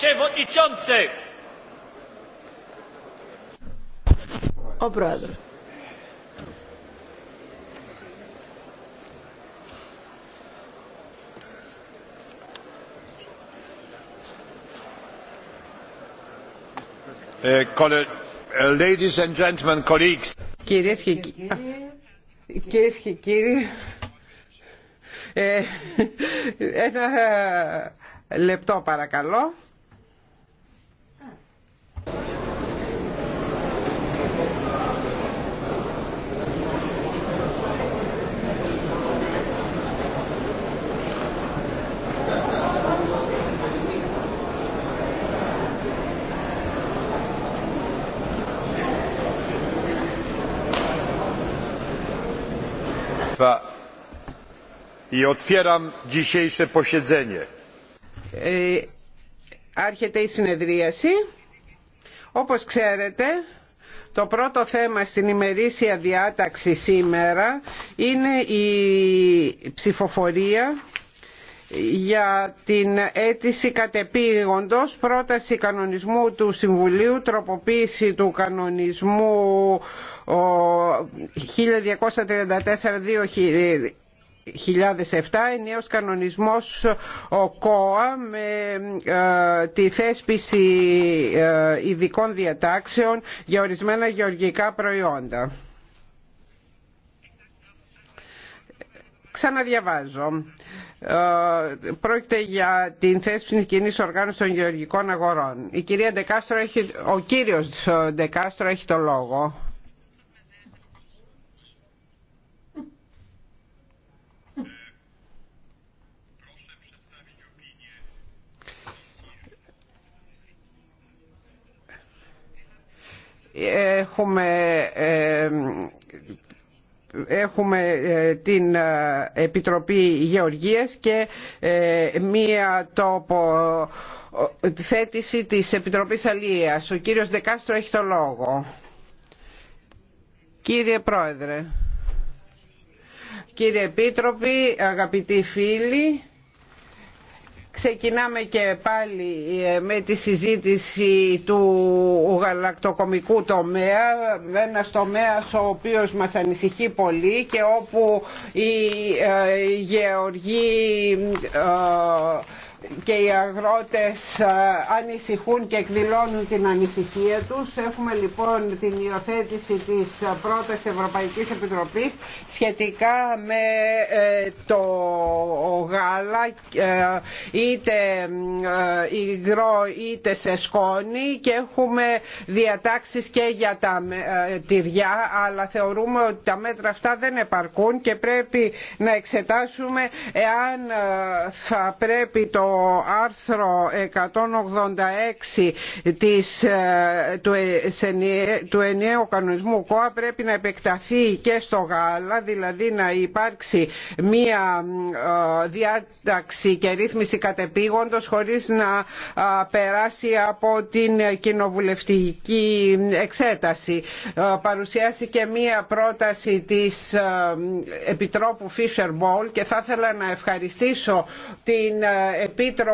Ο Κυρίες και κύριοι, ε, ένα λεπτό παρακαλώ. Ε, άρχεται η συνεδρίαση. Όπως ξέρετε, το πρώτο θέμα στην ημερήσια διάταξη σήμερα είναι η ψηφοφορία για την αίτηση κατεπήγοντος πρόταση κανονισμού του Συμβουλίου τροποποίηση του κανονισμού 1234 2007 ενιαίος κανονισμός ο ΚΟΑ με ε, τη θέσπιση ε, ειδικών διατάξεων για ορισμένα γεωργικά προϊόντα. Ξαναδιαβάζω. Ε, πρόκειται για την θέση κοινή οργάνωση των γεωργικών αγορών. Η κυρία έχει, ο κύριος ε, Ντεκάστρο έχει το λόγο. Έχουμε ε, έχουμε ε, την ε, Επιτροπή Γεωργίας και ε, μία τόπο θέτηση της Επιτροπής Αλίας. Ο κύριος Δεκάστρο έχει το λόγο. Κύριε Πρόεδρε, κύριε Επίτροπη, αγαπητοί φίλοι, Ξεκινάμε και πάλι ε, με τη συζήτηση του γαλακτοκομικού τομέα, ένα τομέα ο οποίος μας ανησυχεί πολύ και όπου η ε, γεωργοί ε, και οι αγρότες ε, ανησυχούν και εκδηλώνουν την ανησυχία τους. Έχουμε λοιπόν την υιοθέτηση της ε, πρώτης Ευρωπαϊκής Επιτροπής σχετικά με ε, το γάλα είτε υγρό είτε σε σκόνη και έχουμε διατάξεις και για τα τυριά αλλά θεωρούμε ότι τα μέτρα αυτά δεν επαρκούν και πρέπει να εξετάσουμε εάν θα πρέπει το άρθρο 186 της, ε, του, ε, του ενιαίου κανονισμού ΚΟΑ πρέπει να επεκταθεί και στο γάλα, δηλαδή να υπάρξει μία ε, διάταξη και ρύθμιση κατεπήγοντος χωρίς να περάσει από την κοινοβουλευτική εξέταση. και μία πρόταση της Επιτρόπου Fisher Bowl και θα ήθελα να ευχαριστήσω την Επίτροπο